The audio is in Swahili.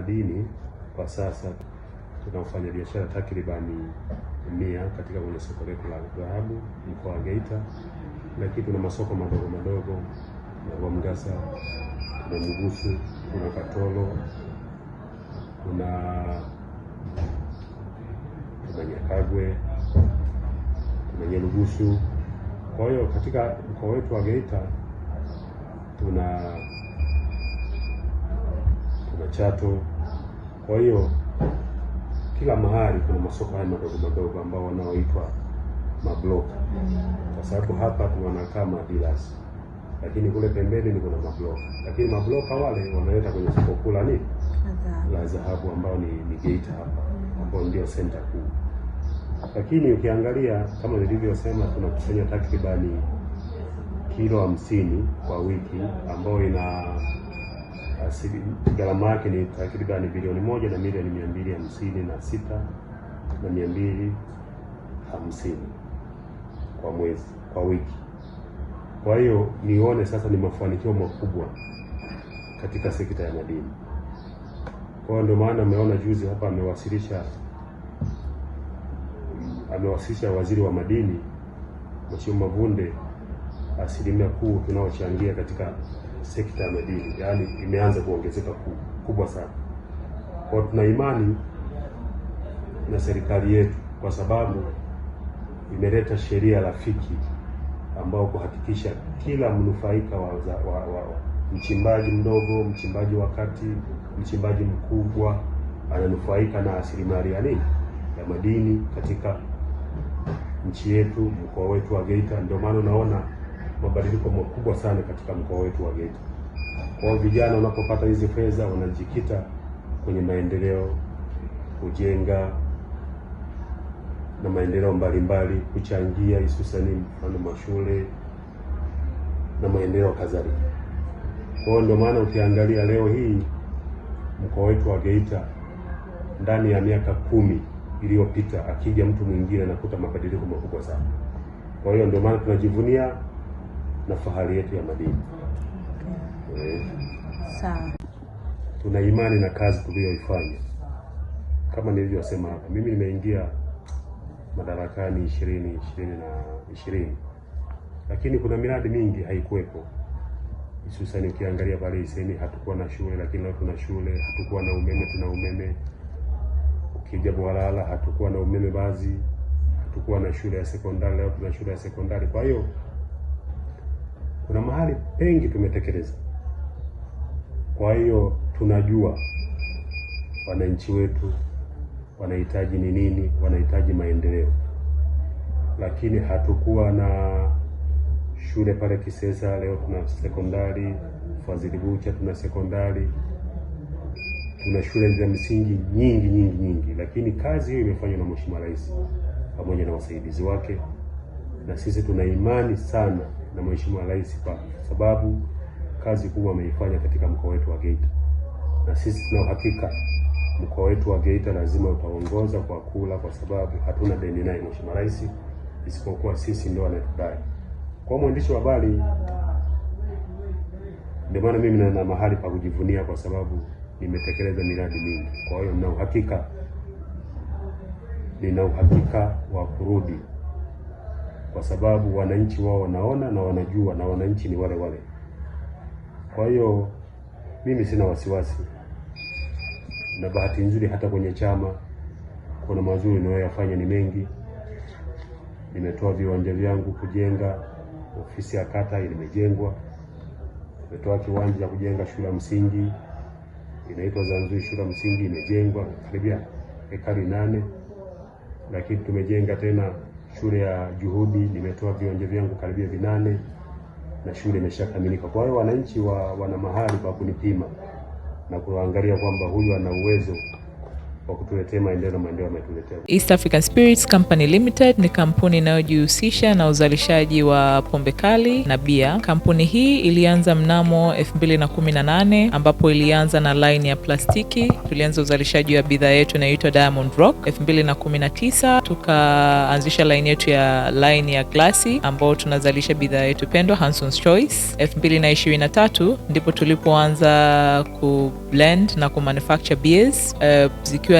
madini kwa sasa tuna biashara takribani mia katika kwenye soko letu la dhahabu mkoa wa Geita, lakini tuna masoko madogo madogo kwa Mgasa, kuna Mgusu, kuna katolo kuna kuna Nyakagwe, kuna Nyerugusu. Kwa hiyo katika mkoa wetu wa Geita tuna kuna Chato. Kwa hiyo kila mahali kuna masoko haya madogo madogo ambao wanaoitwa mabloka, kwa sababu hapa tunakaa madilas, lakini kule pembeni ni kuna mabloka, lakini mabloka wale wanaleta kwenye soko kuu la nini la dhahabu, ambao ni, ni Geita hapa mm. ambao ndio senta kuu. Lakini ukiangalia kama nilivyosema, tunakusanya takribani kilo hamsini kwa wiki ambayo ina gharama yake ni takribani bilioni moja na milioni mia mbili hamsini na sita na mia mbili hamsini kwa mwezi kwa wiki. Kwa hiyo nione sasa ni mafanikio makubwa katika sekta ya madini. Kwa hiyo ndio maana ameona juzi hapa amewasilisha amewasilisha waziri wa madini Mheshimiwa Mavunde asilimia kuu tunaochangia katika sekta ya madini, yaani imeanza kuongezeka kubwa sana. Kwa tuna imani na serikali yetu kwa sababu imeleta sheria rafiki ambao kuhakikisha kila mnufaika wa, wa, wa, wa mchimbaji mdogo, mchimbaji wa kati, mchimbaji mkubwa ananufaika na asilimali ya nini ya madini katika nchi yetu, mkoa wetu wa Geita. Ndio maana unaona mabadiliko makubwa sana katika mkoa wetu wa Geita. Kwa vijana wanapopata hizi fedha wanajikita kwenye maendeleo, kujenga na maendeleo mbalimbali, kuchangia hususani mfano mashule na maendeleo kadhalika. Kwa hiyo ndio maana ukiangalia leo hii mkoa wetu wa Geita ndani ya miaka kumi iliyopita akija mtu mwingine anakuta mabadiliko makubwa sana. Kwa hiyo ndio maana tunajivunia na fahari yetu ya madini eh? sawa. Tuna imani na kazi tuliyoifanya. Kama nilivyosema hapa, mimi nimeingia madarakani ishirini ishirini na ishirini, lakini kuna miradi mingi haikuwepo, hususani ukiangalia pale Iseni hatukuwa na shule, lakini leo tuna shule. Hatukuwa na umeme, tuna umeme. Ukija Bwalala hatukuwa na umeme, bazi hatukuwa na shule ya sekondari, leo tuna shule ya sekondari. Kwa hiyo kuna mahali pengi tumetekeleza. Kwa hiyo tunajua wananchi wetu wanahitaji ni nini, wanahitaji maendeleo, lakini hatukuwa na shule pale Kisesa. Leo tuna sekondari Fadhili Bucha, tuna sekondari, tuna shule za msingi nyingi nyingi nyingi, lakini kazi hiyo imefanywa na Mheshimiwa Rais pamoja na wasaidizi wake, na sisi tuna imani sana na Mheshimiwa Rais kwa sababu kazi kubwa ameifanya katika mkoa wetu wa Geita, na sisi tuna uhakika mkoa wetu wa Geita lazima utaongoza kwa kula, kwa sababu hatuna deni naye Mheshimiwa Rais, isipokuwa sisi ndio anatudai. Kwa mwandishi wa habari, ndio maana mimi nina mahali pa kujivunia, kwa sababu nimetekeleza miradi mingi. Kwa hiyo nina uhakika nina uhakika wa kurudi kwa sababu wananchi wao wanaona na wanajua, na wananchi ni wale wale. Kwa hiyo mimi sina wasiwasi, na bahati nzuri hata kwenye chama kuna mazuri inayoyafanya ni mengi. Nimetoa viwanja vyangu kujenga ofisi ya kata, imejengwa Nimetoa kiwanja cha kujenga shule ya msingi inaitwa Zanzui shule ya msingi, imejengwa karibia ekari nane, lakini tumejenga tena Shule ya Juhudi nimetoa vionjo vyangu karibia vinane na shule imeshakamilika. Kwa hiyo wananchi wa, wana mahali pa kunipima na kuangalia kwamba huyu ana uwezo East Spirits Company Limited ni kampuni inayojihusisha na uzalishaji wa pombe kali na bia. Kampuni hii ilianza mnamo 2018 ambapo ilianza na line ya plastiki. Tulianza uzalishaji wa bidhaa yetu inayoitwa Diamond Rock. 2019 tukaanzisha line yetu ya line ya glasi ambao tunazalisha bidhaa yetu pendwa Hanson's Choice. 2023 ndipo tulipoanza kublend na kumanufacture beers uh, zikiwa